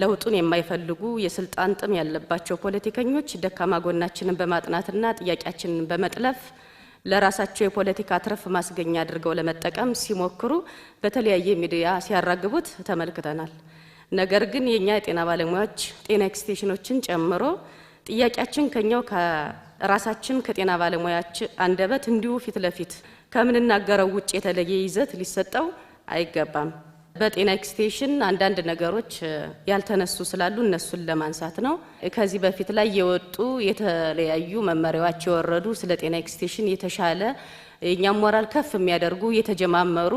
ለውጡን የማይፈልጉ የስልጣን ጥም ያለባቸው ፖለቲከኞች ደካማ ጎናችንን በማጥናትና ጥያቄያችንን በመጥለፍ ለራሳቸው የፖለቲካ ትርፍ ማስገኛ አድርገው ለመጠቀም ሲሞክሩ በተለያየ ሚዲያ ሲያራግቡት ተመልክተናል። ነገር ግን የእኛ የጤና ባለሙያዎች ጤና ኤክስቴሽኖችን ጨምሮ ጥያቄያችን ከኛው ከራሳችን ከጤና ባለሙያች አንደበት እንዲሁ ፊት ለፊት ከምንናገረው ውጭ የተለየ ይዘት ሊሰጠው አይገባም። በጤና ኤክስቴንሽን አንዳንድ ነገሮች ያልተነሱ ስላሉ እነሱን ለማንሳት ነው። ከዚህ በፊት ላይ የወጡ የተለያዩ መመሪያዎች የወረዱ ስለ ጤና ኤክስቴንሽን የተሻለ የእኛም ሞራል ከፍ የሚያደርጉ የተጀማመሩ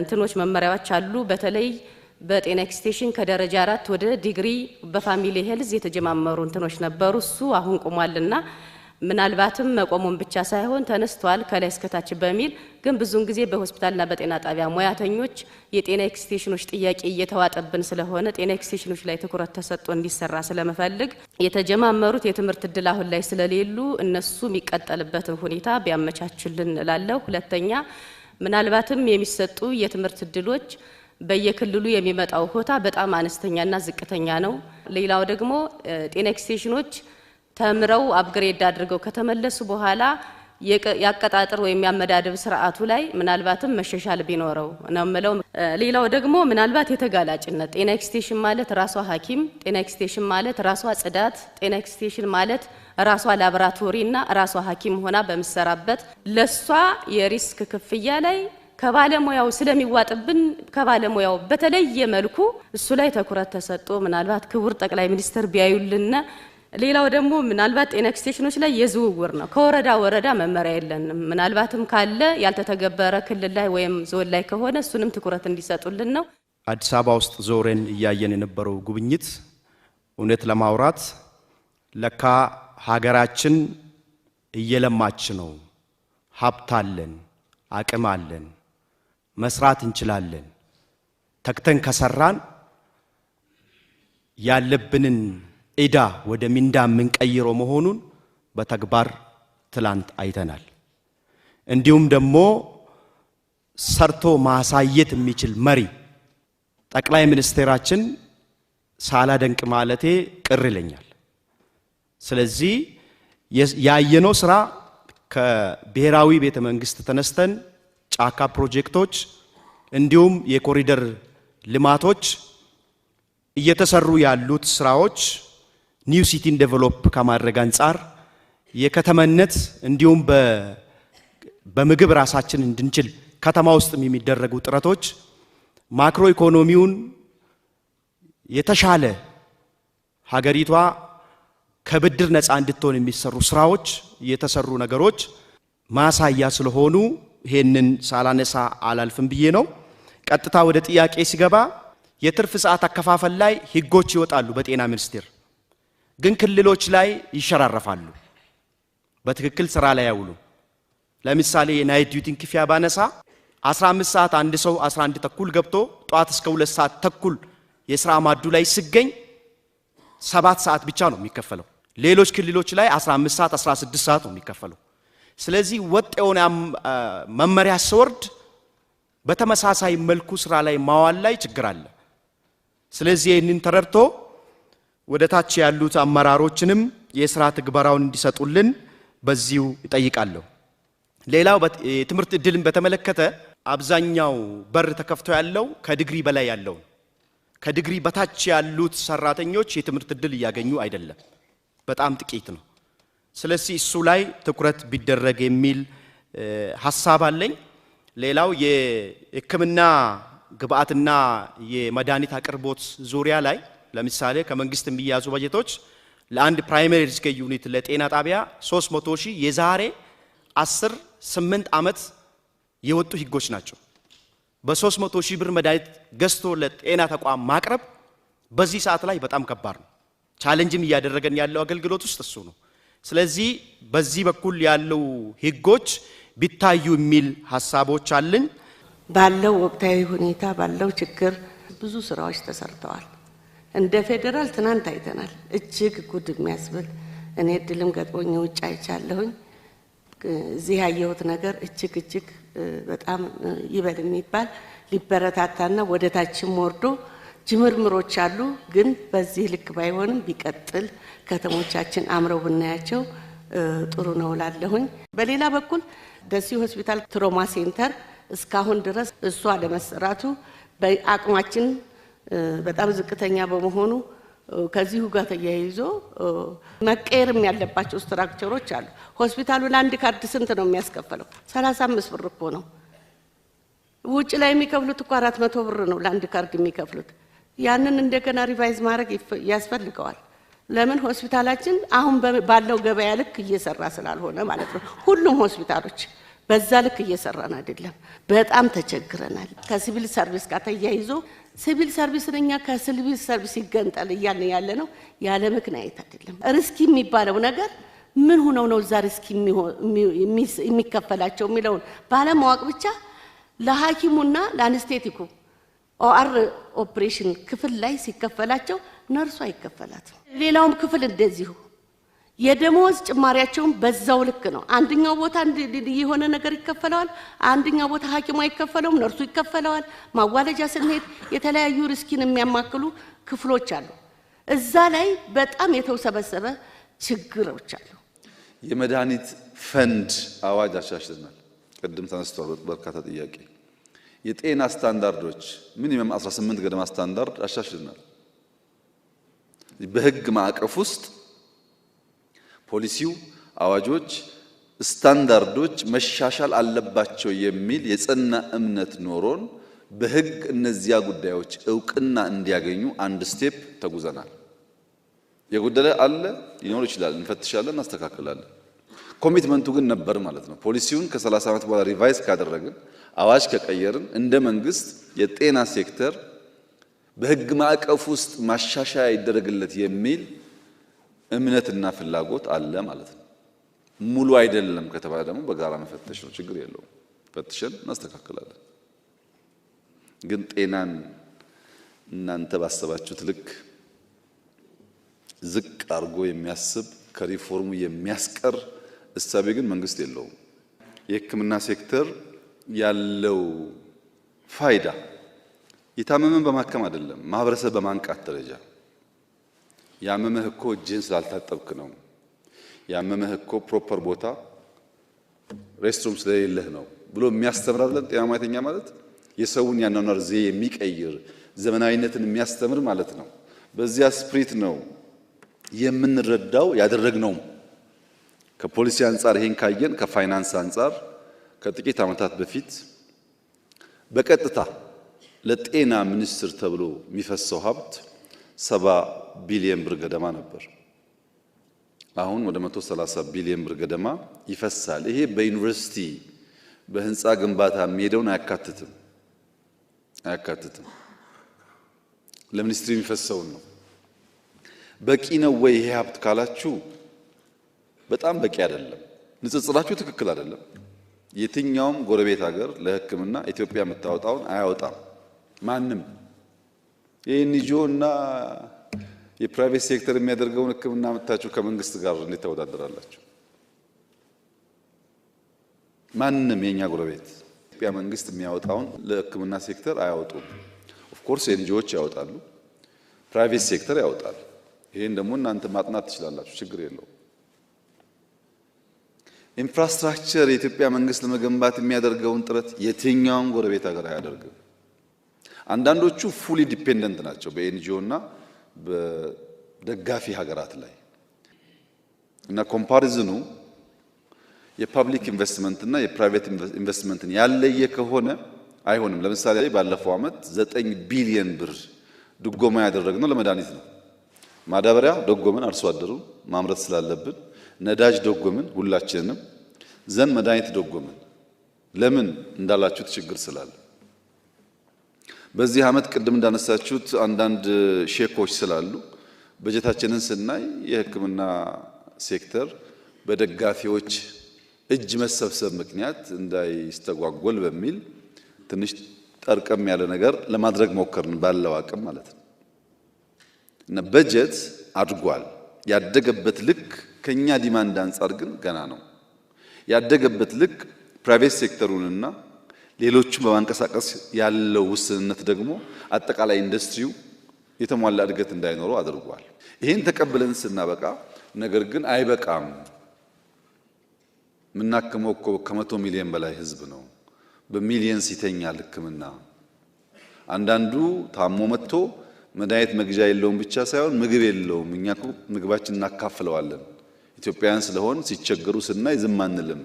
እንትኖች መመሪያዎች አሉ። በተለይ በጤና ኤክስቴንሽን ከደረጃ አራት ወደ ዲግሪ በፋሚሊ ሄልዝ የተጀማመሩ እንትኖች ነበሩ። እሱ አሁን ቁሟልና ምናልባትም መቆሙን ብቻ ሳይሆን ተነስቷል ከላይ እስከታች በሚል ግን ብዙውን ጊዜ በሆስፒታልና በጤና ጣቢያ ሙያተኞች የጤና ኤክስቴሽኖች ጥያቄ እየተዋጠብን ስለሆነ ጤና ኤክስቴሽኖች ላይ ትኩረት ተሰጥቶ እንዲሰራ ስለመፈልግ የተጀማመሩት የትምህርት እድል አሁን ላይ ስለሌሉ እነሱ የሚቀጠልበትን ሁኔታ ቢያመቻችልን እላለሁ። ሁለተኛ ምናልባትም የሚሰጡ የትምህርት እድሎች በየክልሉ የሚመጣው ሆታ በጣም አነስተኛና ዝቅተኛ ነው። ሌላው ደግሞ ጤና ኤክስቴሽኖች ተምረው አፕግሬድ አድርገው ከተመለሱ በኋላ ያቀጣጥር ወይም ያመዳደብ ስርዓቱ ላይ ምናልባትም መሻሻል ቢኖረው ነው የምለው። ሌላው ደግሞ ምናልባት የተጋላጭነት ጤና ኤክስቴሽን ማለት ራሷ ሐኪም ጤና ኤክስቴሽን ማለት ራሷ ጽዳት ጤና ኤክስቴንሽን ማለት ራሷ እና ራሷ ሐኪም ሆና በምሰራበት ለሷ የሪስክ ክፍያ ላይ ከባለሙያው ስለሚዋጥብን ከባለሙያው በተለየ መልኩ እሱ ላይ ትኩረት ተሰጥቶ ምናልባት ክቡር ጠቅላይ ሚኒስትር ቢያዩልን ሌላው ደግሞ ምናልባት ጤና ኤክስቴንሽኖች ላይ የዝውውር ነው። ከወረዳ ወረዳ መመሪያ የለንም። ምናልባትም ካለ ያልተተገበረ ክልል ላይ ወይም ዞን ላይ ከሆነ እሱንም ትኩረት እንዲሰጡልን ነው። አዲስ አበባ ውስጥ ዞሬን እያየን የነበረው ጉብኝት እውነት ለማውራት ለካ ሀገራችን እየለማች ነው። ሀብት አለን፣ አቅም አለን፣ መስራት እንችላለን። ተክተን ከሰራን ያለብንን ዕዳ ወደ ሚንዳ የምንቀይረው መሆኑን በተግባር ትላንት አይተናል። እንዲሁም ደግሞ ሰርቶ ማሳየት የሚችል መሪ ጠቅላይ ሚኒስቴራችን ሳላደንቅ ማለቴ ቅር ይለኛል። ስለዚህ ያየነው ስራ ከብሔራዊ ቤተ መንግስት ተነስተን ጫካ ፕሮጀክቶች እንዲሁም የኮሪደር ልማቶች እየተሰሩ ያሉት ስራዎች ኒው ሲቲን ዴቨሎፕ ከማድረግ አንጻር የከተመነት እንዲሁም በምግብ ራሳችን እንድንችል ከተማ ውስጥም የሚደረጉ ጥረቶች ማክሮ ኢኮኖሚውን የተሻለ ሀገሪቷ ከብድር ነፃ እንድትሆን የሚሰሩ ስራዎች የተሰሩ ነገሮች ማሳያ ስለሆኑ ይሄንን ሳላነሳ አላልፍም ብዬ ነው። ቀጥታ ወደ ጥያቄ ሲገባ የትርፍ ሰዓት አከፋፈል ላይ ህጎች ይወጣሉ በጤና ሚኒስቴር ግን ክልሎች ላይ ይሸራረፋሉ። በትክክል ስራ ላይ ያውሉ። ለምሳሌ የናይት ዲዩቲን ክፍያ ባነሳ 15 ሰዓት አንድ ሰው 11 ተኩል ገብቶ ጠዋት እስከ ሁለት ሰዓት ተኩል የስራ ማዱ ላይ ሲገኝ ሰባት ሰዓት ብቻ ነው የሚከፈለው። ሌሎች ክልሎች ላይ 15 ሰዓት 16 ሰዓት ነው የሚከፈለው። ስለዚህ ወጥ የሆነ መመሪያ ሲወርድ በተመሳሳይ መልኩ ስራ ላይ ማዋል ላይ ችግር አለ። ስለዚህ ይህንን ተረድቶ ወደ ታች ያሉት አመራሮችንም የስራ ትግበራውን እንዲሰጡልን በዚሁ ይጠይቃለሁ። ሌላው የትምህርት እድልን በተመለከተ አብዛኛው በር ተከፍቶ ያለው ከዲግሪ በላይ ያለው ከዲግሪ በታች ያሉት ሰራተኞች የትምህርት እድል እያገኙ አይደለም፣ በጣም ጥቂት ነው። ስለዚህ እሱ ላይ ትኩረት ቢደረግ የሚል ሀሳብ አለኝ። ሌላው የሕክምና ግብአትና የመድኃኒት አቅርቦት ዙሪያ ላይ ለምሳሌ ከመንግስት የሚያዙ በጀቶች ለአንድ ፕራይመሪ ሪስክ ዩኒት ለጤና ጣቢያ 300 ሺህ የዛሬ 10 8 ዓመት የወጡ ህጎች ናቸው። በ300 ሺህ ብር መድኃኒት ገዝቶ ለጤና ተቋም ማቅረብ በዚህ ሰዓት ላይ በጣም ከባድ ነው። ቻሌንጅም እያደረገን ያለው አገልግሎት ውስጥ እሱ ነው። ስለዚህ በዚህ በኩል ያለው ህጎች ቢታዩ የሚል ሀሳቦች አለኝ። ባለው ወቅታዊ ሁኔታ ባለው ችግር ብዙ ስራዎች ተሰርተዋል። እንደ ፌዴራል ትናንት አይተናል። እጅግ ጉድ የሚያስብል እኔ እድልም ገጥሞኝ ውጭ አይቻለሁኝ። እዚህ ያየሁት ነገር እጅግ እጅግ በጣም ይበል የሚባል ሊበረታታና ወደ ታችም ወርዶ ጅምርምሮች አሉ። ግን በዚህ ልክ ባይሆንም ቢቀጥል ከተሞቻችን አምረው ብናያቸው ጥሩ ነው ላለሁኝ። በሌላ በኩል ደሴ ሆስፒታል ትሮማ ሴንተር እስካሁን ድረስ እሱ አለመሰራቱ በአቅማችን በጣም ዝቅተኛ በመሆኑ ከዚሁ ጋር ተያይዞ መቀየርም ያለባቸው ስትራክቸሮች አሉ። ሆስፒታሉን አንድ ካርድ ስንት ነው የሚያስከፍለው? ሰላሳ አምስት ብር እኮ ነው። ውጭ ላይ የሚከፍሉት እኮ አራት መቶ ብር ነው ለአንድ ካርድ የሚከፍሉት። ያንን እንደገና ሪቫይዝ ማድረግ ያስፈልገዋል። ለምን ሆስፒታላችን አሁን ባለው ገበያ ልክ እየሰራ ስላልሆነ ማለት ነው ሁሉም ሆስፒታሎች በዛ ልክ እየሰራን አይደለም። በጣም ተቸግረናል። ከሲቪል ሰርቪስ ጋር ተያይዞ ሲቪል ሰርቪስ ነኛ ከሲቪል ሰርቪስ ይገንጠል እያልን ያለ ነው ያለ ምክንያት አይደለም። ሪስክ የሚባለው ነገር ምን ሆነው ነው እዛ ሪስክ የሚከፈላቸው የሚለውን ባለማወቅ ብቻ ለሐኪሙና ለአንስቴቲኩ ኦአር ኦፕሬሽን ክፍል ላይ ሲከፈላቸው ነርሱ አይከፈላትም። ሌላውም ክፍል እንደዚሁ የደሞዝ ጭማሪያቸውን በዛው ልክ ነው። አንደኛው ቦታ የሆነ ነገር ይከፈለዋል፣ አንደኛው ቦታ ሐኪሙ አይከፈለውም፣ ነርሱ ይከፈለዋል። ማዋለጃ ስንሄድ የተለያዩ ሪስኪን የሚያማክሉ ክፍሎች አሉ። እዛ ላይ በጣም የተውሰበሰበ ችግሮች አሉ። የመድኃኒት ፈንድ አዋጅ አሻሽለናል። ቅድም ተነስቷል በርካታ ጥያቄ። የጤና ስታንዳርዶች ሚኒመም 18 ገደማ ስታንዳርድ አሻሽልናል በህግ ማዕቀፍ ውስጥ ፖሊሲው፣ አዋጆች፣ ስታንዳርዶች መሻሻል አለባቸው የሚል የጸና እምነት ኖሮን በህግ እነዚያ ጉዳዮች እውቅና እንዲያገኙ አንድ ስቴፕ ተጉዘናል። የጎደለ አለ ሊኖር ይችላል፣ እንፈትሻለን፣ እናስተካክላለን። ኮሚትመንቱ ግን ነበር ማለት ነው። ፖሊሲውን ከ30 ዓመት በኋላ ሪቫይዝ ካደረግን አዋጅ ከቀየርን እንደ መንግስት የጤና ሴክተር በህግ ማዕቀፍ ውስጥ ማሻሻያ ይደረግለት የሚል እምነትና ፍላጎት አለ ማለት ነው። ሙሉ አይደለም ከተባለ ደግሞ በጋራ መፈተሽ ነው፣ ችግር የለውም። ፈትሸን እናስተካክላለን። ግን ጤናን እናንተ ባሰባችሁት ልክ ዝቅ አድርጎ የሚያስብ ከሪፎርሙ የሚያስቀር እሳቤ ግን መንግስት የለውም። የሕክምና ሴክተር ያለው ፋይዳ የታመመን በማከም አይደለም፣ ማህበረሰብ በማንቃት ደረጃ ያመመህ እኮ እጅህን ስላልታጠብክ ነው። ያመመህ እኮ ፕሮፐር ቦታ ሬስትሩም ስለሌለህ ነው ብሎ የሚያስተምር ጤና ማየተኛ ማለት የሰውን ያኗኗር ዜ የሚቀይር ዘመናዊነትን የሚያስተምር ማለት ነው። በዚያ ስፕሪት ነው የምንረዳው ያደረግነው። ከፖሊሲ አንጻር ይሄን ካየን፣ ከፋይናንስ አንጻር ከጥቂት ዓመታት በፊት በቀጥታ ለጤና ሚኒስቴር ተብሎ የሚፈሰው ሀብት ሰባ ቢሊየን ብር ገደማ ነበር። አሁን ወደ 130 ቢሊየን ብር ገደማ ይፈሳል። ይሄ በዩኒቨርሲቲ በህንፃ ግንባታ የሚሄደውን አያካትትም አያካትትም። ለሚኒስትሪ የሚፈሰውን ነው። በቂ ነው ወይ ይሄ ሀብት ካላችሁ በጣም በቂ አይደለም። ንጽጽራችሁ ትክክል አይደለም። የትኛውም ጎረቤት ሀገር ለሕክምና ኢትዮጵያ የምታወጣውን አያወጣም ማንም የኤንጂኦ እና የፕራይቬት ሴክተር የሚያደርገውን ሕክምና መታችሁ ከመንግስት ጋር እንዴት ተወዳደራላችሁ? ማንም የእኛ ጎረቤት ኢትዮጵያ መንግስት የሚያወጣውን ለሕክምና ሴክተር አያወጡም። ኦፍኮርስ ኤንጂኦዎች ያወጣሉ፣ ፕራይቬት ሴክተር ያወጣል። ይህን ደግሞ እናንተ ማጥናት ትችላላችሁ፣ ችግር የለውም። ኢንፍራስትራክቸር የኢትዮጵያ መንግስት ለመገንባት የሚያደርገውን ጥረት የትኛውን ጎረቤት ሀገር አያደርግም። አንዳንዶቹ ፉሊ ዲፔንደንት ናቸው በኤንጂኦ እና በደጋፊ ሀገራት ላይ እና ኮምፓሪዝኑ የፐብሊክ ኢንቨስትመንት እና የፕራይቬት ኢንቨስትመንትን ያለየ ከሆነ አይሆንም። ለምሳሌ ባለፈው ዓመት ዘጠኝ ቢሊየን ብር ድጎማ ያደረግነው ለመድኃኒት ነው። ማዳበሪያ ደጎምን፣ አርሶ አደሩ ማምረት ስላለብን፣ ነዳጅ ደጎምን፣ ሁላችንንም ዘንድ መድኃኒት ደጎምን። ለምን እንዳላችሁት ችግር ስላለ በዚህ ዓመት ቅድም እንዳነሳችሁት አንዳንድ ሼኮች ስላሉ በጀታችንን ስናይ የሕክምና ሴክተር በደጋፊዎች እጅ መሰብሰብ ምክንያት እንዳይስተጓጎል በሚል ትንሽ ጠርቀም ያለ ነገር ለማድረግ ሞከርን፣ ባለው አቅም ማለት ነው። እና በጀት አድጓል። ያደገበት ልክ ከኛ ዲማንድ አንጻር ግን ገና ነው። ያደገበት ልክ ፕራይቬት ሴክተሩንና ሌሎቹን በማንቀሳቀስ ያለው ውስንነት ደግሞ አጠቃላይ ኢንዱስትሪው የተሟላ እድገት እንዳይኖረው አድርጓል። ይህን ተቀብለን ስናበቃ ነገር ግን አይበቃም። የምናክመው እኮ ከመቶ ሚሊዮን በላይ ህዝብ ነው። በሚሊየንስ ይተኛል ህክምና አንዳንዱ ታሞ መጥቶ መድኃኒት መግዣ የለውም ብቻ ሳይሆን ምግብ የለውም። እኛ ምግባችን እናካፍለዋለን። ኢትዮጵያውያን ስለሆን ሲቸገሩ ስናይ ዝም አንልም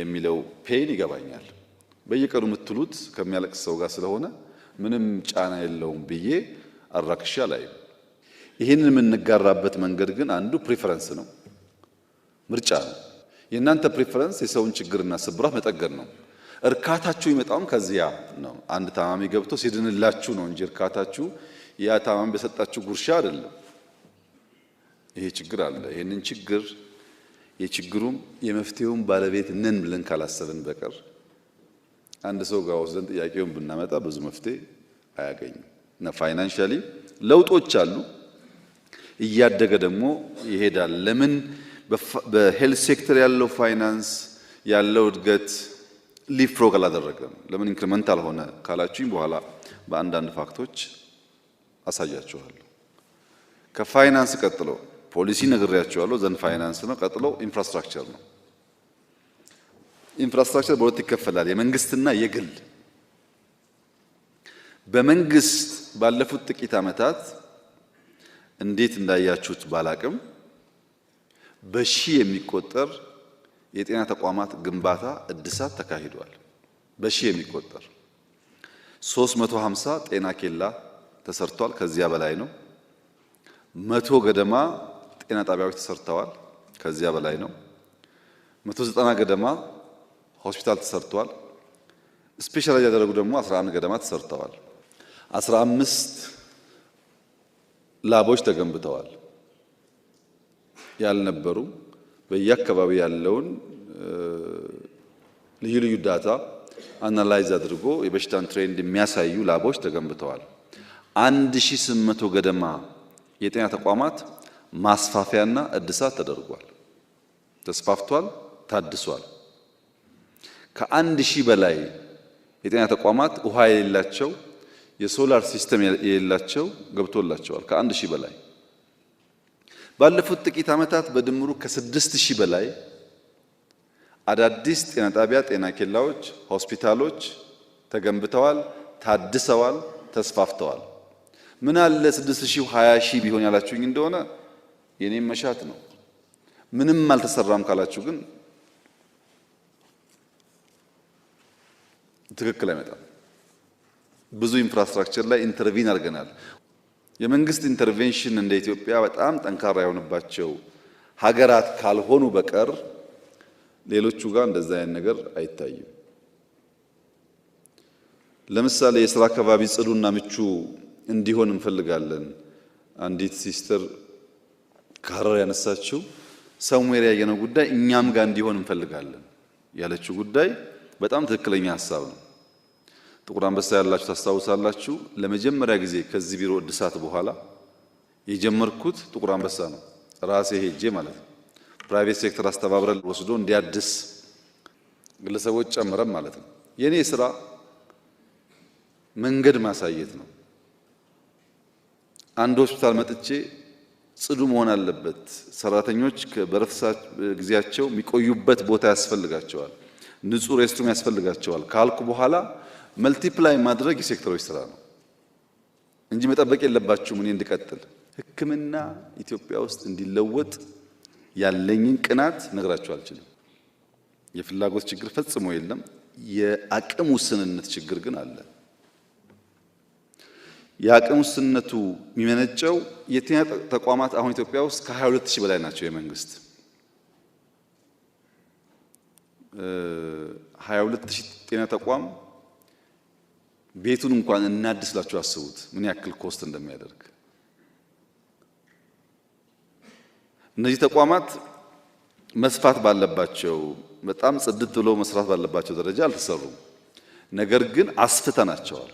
የሚለው ፔን ይገባኛል። በየቀኑ የምትሉት ከሚያለቅስ ሰው ጋር ስለሆነ ምንም ጫና የለውም ብዬ አራክሻ ላይ ይህንን የምንጋራበት መንገድ ግን አንዱ ፕሪፈረንስ ነው፣ ምርጫ ነው። የእናንተ ፕሪፈረንስ የሰውን ችግርና ስብራት መጠገን ነው። እርካታችሁ ይመጣውም ከዚያ ነው። አንድ ታማሚ ገብቶ ሲድንላችሁ ነው እንጂ እርካታችሁ ያ ታማሚ በሰጣችሁ ጉርሻ አይደለም። ይሄ ችግር አለ። ይህንን ችግር የችግሩም የመፍትሄውም ባለቤት ነን ብለን ካላሰብን በቀር አንድ ሰው ጋር ወስደን ጥያቄውን ብናመጣ ብዙ መፍትሄ አያገኝም እና ፋይናንሻሊ ለውጦች አሉ። እያደገ ደግሞ ይሄዳል። ለምን በሄልት ሴክተር ያለው ፋይናንስ ያለው እድገት ሊፍሮግ አላደረገም? ለምን ኢንክሪመንታል ሆነ ካላችሁኝ በኋላ በአንዳንድ ፋክቶች አሳያችኋለሁ። ከፋይናንስ ቀጥሎ ፖሊሲ ነግሬያችኋለሁ። ዘንድ ፋይናንስ ነው። ቀጥሎ ኢንፍራስትራክቸር ነው። ኢንፍራስትራክቸር በሁለት ይከፈላል፣ የመንግስትና የግል። በመንግስት ባለፉት ጥቂት ዓመታት እንዴት እንዳያችሁት ባላቅም በሺ የሚቆጠር የጤና ተቋማት ግንባታ እድሳት ተካሂዷል። በሺ የሚቆጠር 350 ጤና ኬላ ተሰርቷል። ከዚያ በላይ ነው። መቶ ገደማ ጤና ጣቢያዎች ተሰርተዋል። ከዚያ በላይ ነው። 190 ገደማ ሆስፒታል ተሰርቷል። ስፔሻላይዝ ያደረጉ ደግሞ 11 ገደማ ተሰርተዋል። 15 ላቦች ተገንብተዋል ያልነበሩ በየአካባቢ ያለውን ልዩ ልዩ ዳታ አናላይዝ አድርጎ የበሽታን ትሬንድ የሚያሳዩ ላቦች ተገንብተዋል። 1800 ገደማ የጤና ተቋማት ማስፋፊያና እድሳት ተደርጓል። ተስፋፍቷል፣ ታድሷል። ከአንድ ሺህ በላይ የጤና ተቋማት ውሃ የሌላቸው የሶላር ሲስተም የሌላቸው ገብቶላቸዋል። ከአንድ ሺህ በላይ ባለፉት ጥቂት ዓመታት በድምሩ ከስድስት ሺህ በላይ አዳዲስ ጤና ጣቢያ፣ ጤና ኬላዎች፣ ሆስፒታሎች ተገንብተዋል፣ ታድሰዋል፣ ተስፋፍተዋል። ምን አለ ስድስት ሺህ ሀያ ሺህ ቢሆን ያላችሁኝ እንደሆነ የኔም መሻት ነው። ምንም አልተሰራም ካላችሁ ግን ትክክል አይመጣም። ብዙ ኢንፍራስትራክቸር ላይ ኢንተርቪን አድርገናል። የመንግስት ኢንተርቬንሽን እንደ ኢትዮጵያ በጣም ጠንካራ የሆነባቸው ሀገራት ካልሆኑ በቀር ሌሎቹ ጋር እንደዛ አይነት ነገር አይታይም። ለምሳሌ የስራ አካባቢ ጽዱና ምቹ እንዲሆን እንፈልጋለን። አንዲት ሲስተር ከሀረር ያነሳችው ሰሙዌር ያየነው ጉዳይ እኛም ጋር እንዲሆን እንፈልጋለን ያለችው ጉዳይ በጣም ትክክለኛ ሀሳብ ነው። ጥቁር አንበሳ ያላችሁ ታስታውሳላችሁ። ለመጀመሪያ ጊዜ ከዚህ ቢሮ እድሳት በኋላ የጀመርኩት ጥቁር አንበሳ ነው። ራሴ ሄጄ ማለት ነው። ፕራይቬት ሴክተር አስተባብረን ወስዶ እንዲያድስ ግለሰቦች ጨምረን ማለት ነው። የእኔ ስራ መንገድ ማሳየት ነው። አንድ ሆስፒታል መጥቼ ጽዱ መሆን አለበት። ሰራተኞች ከበረፍሳ ጊዜያቸው የሚቆዩበት ቦታ ያስፈልጋቸዋል። ንጹህ ሬስትሩም ያስፈልጋቸዋል ካልኩ በኋላ መልቲፕላይ ማድረግ የሴክተሮች ስራ ነው እንጂ መጠበቅ የለባችሁም እኔ እንድቀጥል። ህክምና ኢትዮጵያ ውስጥ እንዲለወጥ ያለኝን ቅናት ነግራችሁ አልችልም። የፍላጎት ችግር ፈጽሞ የለም። የአቅም ውስንነት ችግር ግን አለ። የአቅም ውስንነቱ የሚመነጨው የጤና ተቋማት አሁን ኢትዮጵያ ውስጥ ከ22 ሺህ በላይ ናቸው የመንግስት 22 ሺህ ጤና ተቋም ቤቱን እንኳን እናድስ ብላችሁ አስቡት፣ ምን ያክል ኮስት እንደሚያደርግ። እነዚህ ተቋማት መስፋት ባለባቸው በጣም ጽድት ብለው መስራት ባለባቸው ደረጃ አልተሰሩም። ነገር ግን አስፍተናቸዋል።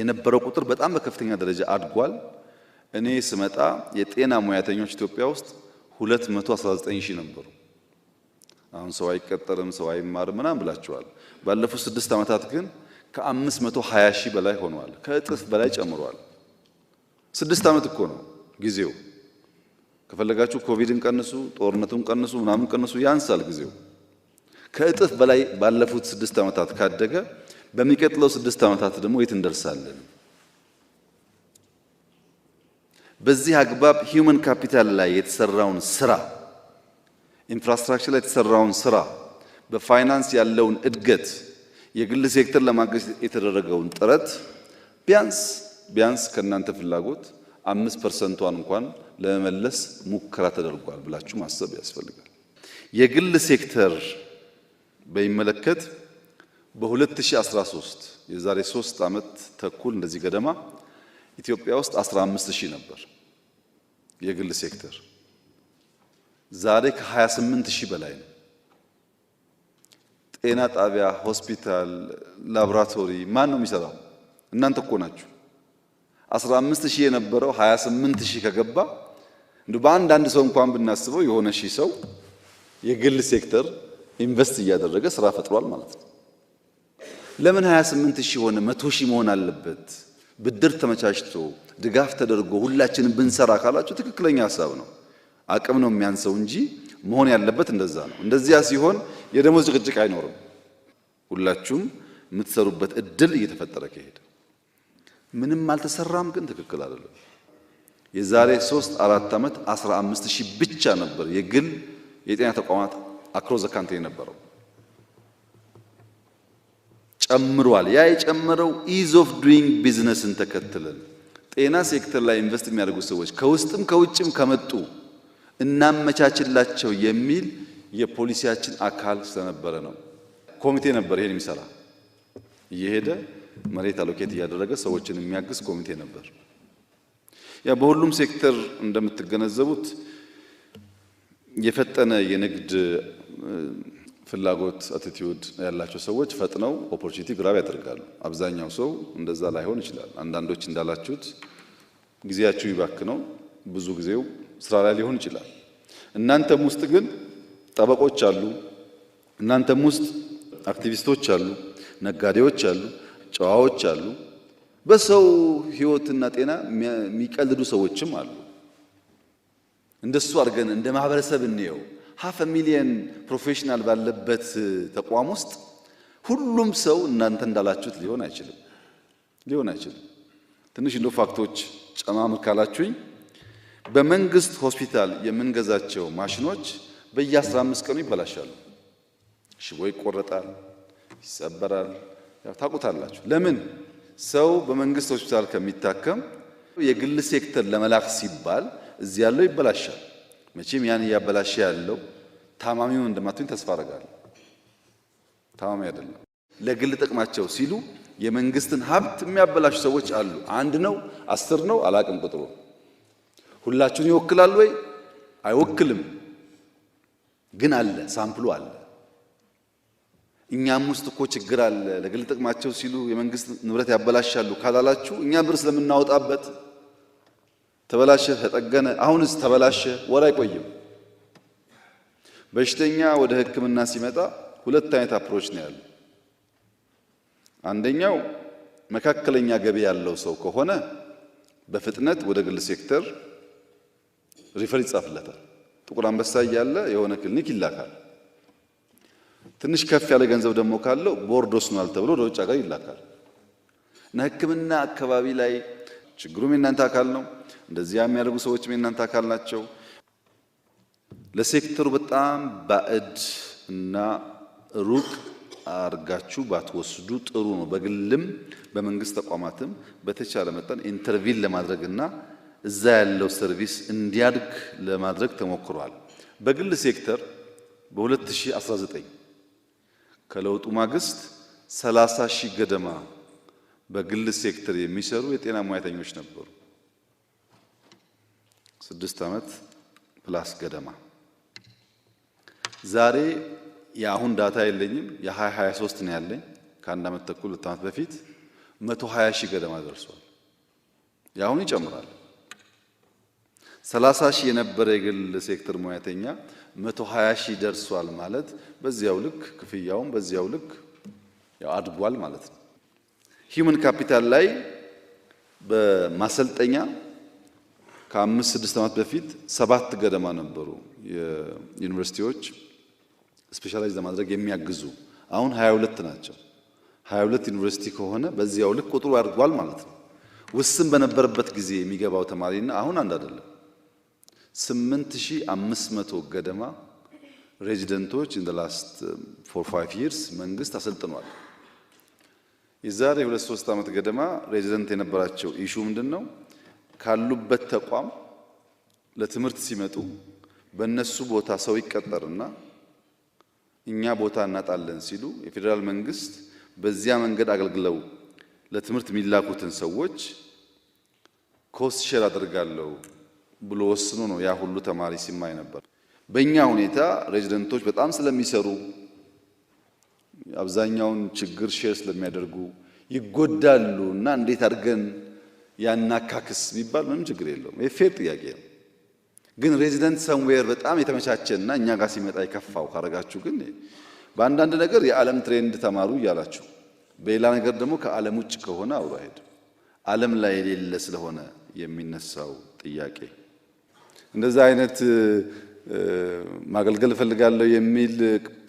የነበረው ቁጥር በጣም በከፍተኛ ደረጃ አድጓል። እኔ ስመጣ የጤና ሙያተኞች ኢትዮጵያ ውስጥ 219 ሺህ ነበሩ። አሁን ሰው አይቀጠርም፣ ሰው አይማርም ምናምን ብላችኋል። ባለፉት ስድስት ዓመታት ግን ከ520 ሺህ በላይ ሆኗል ከእጥፍ በላይ ጨምሯል። ስድስት ዓመት እኮ ነው ጊዜው። ከፈለጋችሁ ኮቪድን ቀንሱ፣ ጦርነቱን ቀንሱ፣ ምናምን ቀንሱ፣ ያንሳል ጊዜው። ከእጥፍ በላይ ባለፉት ስድስት ዓመታት ካደገ በሚቀጥለው ስድስት ዓመታት ደግሞ የት እንደርሳለን? በዚህ አግባብ ሂዩማን ካፒታል ላይ የተሰራውን ስራ ኢንፍራስትራክቸር ላይ የተሰራውን ስራ በፋይናንስ ያለውን እድገት የግል ሴክተር ለማገዝ የተደረገውን ጥረት ቢያንስ ቢያንስ ከእናንተ ፍላጎት አምስት ፐርሰንቷን እንኳን ለመመለስ ሙከራ ተደርጓል ብላችሁ ማሰብ ያስፈልጋል። የግል ሴክተር በሚመለከት በ2013 የዛሬ ሶስት ዓመት ተኩል እንደዚህ ገደማ ኢትዮጵያ ውስጥ 15 ሺህ ነበር የግል ሴክተር ዛሬ ከ28 ሺህ በላይ ነው። ጤና ጣቢያ፣ ሆስፒታል፣ ላብራቶሪ ማን ነው የሚሰራው? እናንተ እኮ ናችሁ። 15 ሺህ የነበረው 28 ሺህ ከገባ እንዲሁ በአንድ አንድ ሰው እንኳን ብናስበው የሆነ ሺህ ሰው የግል ሴክተር ኢንቨስት እያደረገ ስራ ፈጥሯል ማለት ነው። ለምን 28 ሺህ ሆነ? መቶ ሺህ መሆን አለበት። ብድር ተመቻችቶ ድጋፍ ተደርጎ ሁላችንም ብንሰራ ካላችሁ ትክክለኛ ሀሳብ ነው። አቅም ነው የሚያንሰው እንጂ መሆን ያለበት እንደዛ ነው። እንደዚያ ሲሆን የደሞዝ ጭቅጭቅ አይኖርም። ሁላችሁም የምትሰሩበት እድል እየተፈጠረ ከሄደ ምንም አልተሰራም ግን ትክክል አይደለም። የዛሬ ሶስት አራት ዓመት 15 ሺህ ብቻ ነበር የግል የጤና ተቋማት አክሮስ ካንቴ የነበረው ጨምሯል። ያ የጨመረው ኢዝ ኦፍ ዱይንግ ቢዝነስን ተከትለን ጤና ሴክተር ላይ ኢንቨስት የሚያደርጉ ሰዎች ከውስጥም ከውጭም ከመጡ እናመቻችላቸው የሚል የፖሊሲያችን አካል ስለነበረ ነው። ኮሚቴ ነበር ይሄን የሚሰራ እየሄደ መሬት አሎኬት እያደረገ ሰዎችን የሚያግዝ ኮሚቴ ነበር። ያ በሁሉም ሴክተር እንደምትገነዘቡት የፈጠነ የንግድ ፍላጎት አቲቲዩድ ያላቸው ሰዎች ፈጥነው ኦፖርቹኒቲ ግራብ ያደርጋሉ። አብዛኛው ሰው እንደዛ ላይሆን ይችላል። አንዳንዶች እንዳላችሁት ጊዜያችሁ ይባክ ነው ብዙ ጊዜው ስራ ላይ ሊሆን ይችላል። እናንተም ውስጥ ግን ጠበቆች አሉ፣ እናንተም ውስጥ አክቲቪስቶች አሉ፣ ነጋዴዎች አሉ፣ ጨዋዎች አሉ። በሰው ህይወትና ጤና የሚቀልዱ ሰዎችም አሉ። እንደሱ አድርገን እንደ ማህበረሰብ እንየው። ሃፍ ሚሊየን ፕሮፌሽናል ባለበት ተቋም ውስጥ ሁሉም ሰው እናንተ እንዳላችሁት ሊሆን አይችልም ሊሆን አይችልም። ትንሽ እንደ ፋክቶች ጨማምር ካላችሁኝ በመንግስት ሆስፒታል የምንገዛቸው ማሽኖች በየ15 ቀኑ ይበላሻሉ። ሽቦ ይቆረጣል፣ ይሰበራል። ታውቁታላችሁ። ለምን ሰው በመንግስት ሆስፒታል ከሚታከም የግል ሴክተር ለመላክ ሲባል እዚህ ያለው ይበላሻል። መቼም ያን እያበላሸ ያለው ታማሚውን እንደማትሆኝ ተስፋ አደርጋለሁ። ታማሚ አይደለም። ለግል ጥቅማቸው ሲሉ የመንግስትን ሀብት የሚያበላሹ ሰዎች አሉ። አንድ ነው፣ አስር ነው፣ አላቅም ቁጥሩ ሁላችሁን ይወክላል ወይ? አይወክልም። ግን አለ፣ ሳምፕሉ አለ። እኛም ውስጥ እኮ ችግር አለ። ለግል ጥቅማቸው ሲሉ የመንግስት ንብረት ያበላሻሉ ካላላችሁ እኛ ብር ስለምናወጣበት ተበላሸ፣ ተጠገነ፣ አሁንስ ተበላሸ፣ ወር አይቆይም። በሽተኛ ወደ ሕክምና ሲመጣ ሁለት አይነት አፕሮች ነው ያለው። አንደኛው መካከለኛ ገቢ ያለው ሰው ከሆነ በፍጥነት ወደ ግል ሴክተር ሪፈር ይጻፍለታል። ጥቁር አንበሳ እያለ የሆነ ክሊኒክ ይላካል። ትንሽ ከፍ ያለ ገንዘብ ደግሞ ካለው ቦርድ ወስኗል ተብሎ ወደ ውጭ ሀገር ይላካል እና ሕክምና አካባቢ ላይ ችግሩም የእናንተ አካል ነው። እንደዚያ የሚያደርጉ ሰዎችም የእናንተ አካል ናቸው። ለሴክተሩ በጣም ባዕድ እና ሩቅ አርጋችሁ ባትወስዱ ጥሩ ነው። በግልም በመንግስት ተቋማትም በተቻለ መጠን ኢንተርቪን ለማድረግና እዛ ያለው ሰርቪስ እንዲያድግ ለማድረግ ተሞክሯል። በግል ሴክተር በ2019 ከለውጡ ማግስት 30 ሺህ ገደማ በግል ሴክተር የሚሰሩ የጤና ሙያተኞች ነበሩ። ስድስት ዓመት ፕላስ ገደማ ዛሬ የአሁን ዳታ የለኝም፣ የ2023 ነው ያለኝ። ከአንድ ዓመት ተኩል ሁለት ዓመት በፊት 120 ሺህ ገደማ ደርሷል። የአሁን ይጨምራል። 30 ሺህ የነበረ የግል ሴክተር ሙያተኛ 120 ሺህ ደርሷል ማለት በዚያው ልክ ክፍያውም በዚያው ልክ አድጓል ማለት ነው። ሂውመን ካፒታል ላይ በማሰልጠኛ ከአምስት ስድስት ዓመት በፊት ሰባት ገደማ ነበሩ የዩኒቨርሲቲዎች ስፔሻላይዝ ለማድረግ የሚያግዙ አሁን 22 ናቸው። 22 ዩኒቨርሲቲ ከሆነ በዚያው ልክ ቁጥሩ አድጓል ማለት ነው። ውስን በነበረበት ጊዜ የሚገባው ተማሪና አሁን አንድ አይደለም። 8500 ገደማ ሬዚደንቶች ኢን ላስት ፎር ፋይቭ ይርስ መንግስት አሰልጥኗል። የዛሬ ሁለት ሶስት ዓመት ገደማ ሬዚደንት የነበራቸው ኢሹ ምንድን ነው? ካሉበት ተቋም ለትምህርት ሲመጡ በእነሱ ቦታ ሰው ይቀጠርና እኛ ቦታ እናጣለን ሲሉ የፌዴራል መንግስት በዚያ መንገድ አገልግለው ለትምህርት የሚላኩትን ሰዎች ኮስት ሼር አድርጋለሁ ብሎ ወስኖ ነው ያ ሁሉ ተማሪ ሲማይ ነበር። በእኛ ሁኔታ ሬዚደንቶች በጣም ስለሚሰሩ አብዛኛውን ችግር ሼር ስለሚያደርጉ ይጎዳሉ እና እንዴት አድርገን ያናካክስ ቢባል ምንም ችግር የለውም። የፌር ጥያቄ ነው። ግን ሬዚደንት ሰምዌር በጣም የተመቻቸ እና እኛ ጋር ሲመጣ የከፋው ካረጋችሁ ግን በአንዳንድ ነገር የዓለም ትሬንድ ተማሩ እያላችሁ በሌላ ነገር ደግሞ ከዓለም ውጭ ከሆነ አውሮ አይሄድም። ዓለም ላይ የሌለ ስለሆነ የሚነሳው ጥያቄ እንደዛ አይነት ማገልገል እፈልጋለሁ የሚል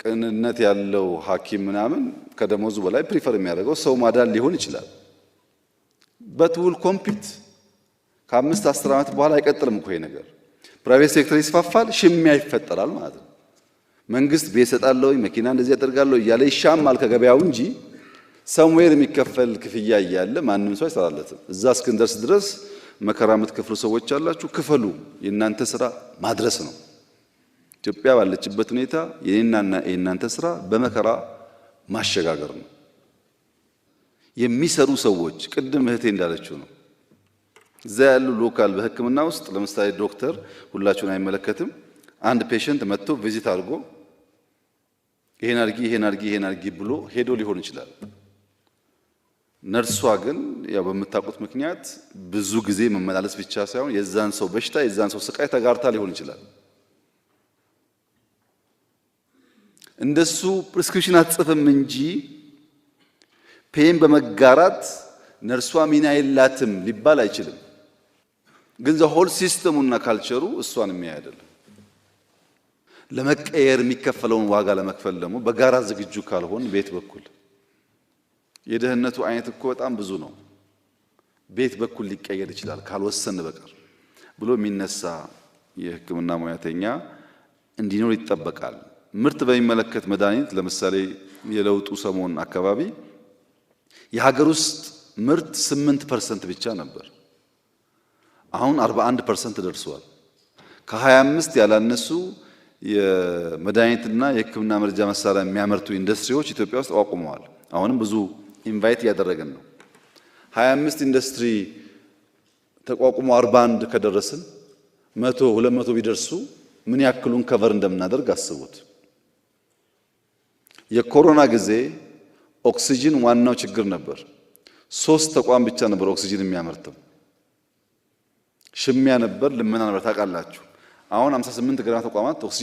ቅንነት ያለው ሐኪም ምናምን ከደሞዙ በላይ ፕሪፈር የሚያደርገው ሰው ማዳን ሊሆን ይችላል። በትውል ኮምፒት ከአምስት አስር ዓመት በኋላ አይቀጥልም እኮ ይሄ ነገር። ፕራይቬት ሴክተር ይስፋፋል፣ ሽሚያ ይፈጠራል ማለት ነው። መንግስት ቤት ሰጣለሁ መኪና እንደዚህ ያደርጋለሁ እያለ ይሻማል ከገበያው እንጂ ሰምዌር የሚከፈል ክፍያ እያለ ማንም ሰው አይሰራለትም። እዛ እስክንደርስ ድረስ መከራ የምትከፍሉ ሰዎች አላችሁ፣ ክፈሉ። የእናንተ ስራ ማድረስ ነው። ኢትዮጵያ ባለችበት ሁኔታ የኔናና የእናንተ ስራ በመከራ ማሸጋገር ነው። የሚሰሩ ሰዎች ቅድም እህቴ እንዳለችው ነው። እዛ ያሉ ሎካል በህክምና ውስጥ ለምሳሌ ዶክተር ሁላችሁን አይመለከትም። አንድ ፔሽንት መጥቶ ቪዚት አድርጎ ይሄን አድርጊ ይሄን አድርጊ ይሄን አድርጊ ብሎ ሄዶ ሊሆን ይችላል። ነርሷ ግን ያው በምታውቁት ምክንያት ብዙ ጊዜ መመላለስ ብቻ ሳይሆን የዛን ሰው በሽታ የዛን ሰው ስቃይ ተጋርታ ሊሆን ይችላል። እንደሱ ፕሪስክሪፕሽን አትጽፍም እንጂ ፔን በመጋራት ነርሷ ሚና የላትም ሊባል አይችልም። ግን ዘ ሆል ሲስተሙና ካልቸሩ እሷን የሚያይ አይደለም። ለመቀየር የሚከፈለውን ዋጋ ለመክፈል ደግሞ በጋራ ዝግጁ ካልሆን ቤት በኩል የደህንነቱ አይነት እኮ በጣም ብዙ ነው። ቤት በኩል ሊቀየር ይችላል ካልወሰን በቀር ብሎ የሚነሳ የሕክምና ሙያተኛ እንዲኖር ይጠበቃል። ምርት በሚመለከት መድኃኒት ለምሳሌ የለውጡ ሰሞን አካባቢ የሀገር ውስጥ ምርት ስምንት ፐርሰንት ብቻ ነበር። አሁን 41 ፐርሰንት ደርሷል። ከ25 ያላነሱ የመድኃኒትና የህክምና መረጃ መሳሪያ የሚያመርቱ ኢንዱስትሪዎች ኢትዮጵያ ውስጥ አቋቁመዋል። አሁንም ብዙ ኢንቫይት እያደረገን ነው። 25 ኢንዱስትሪ ተቋቁሞ 41 ከደረስን 100 200 ቢደርሱ ምን ያክሉን ከቨር እንደምናደርግ አስቡት። የኮሮና ጊዜ ኦክሲጅን ዋናው ችግር ነበር። ሶስት ተቋም ብቻ ነበር ኦክሲጅን የሚያመርተው። ሽሚያ ነበር፣ ልመና ነበር። ታውቃላችሁ። አሁን 58 ገና ተቋማት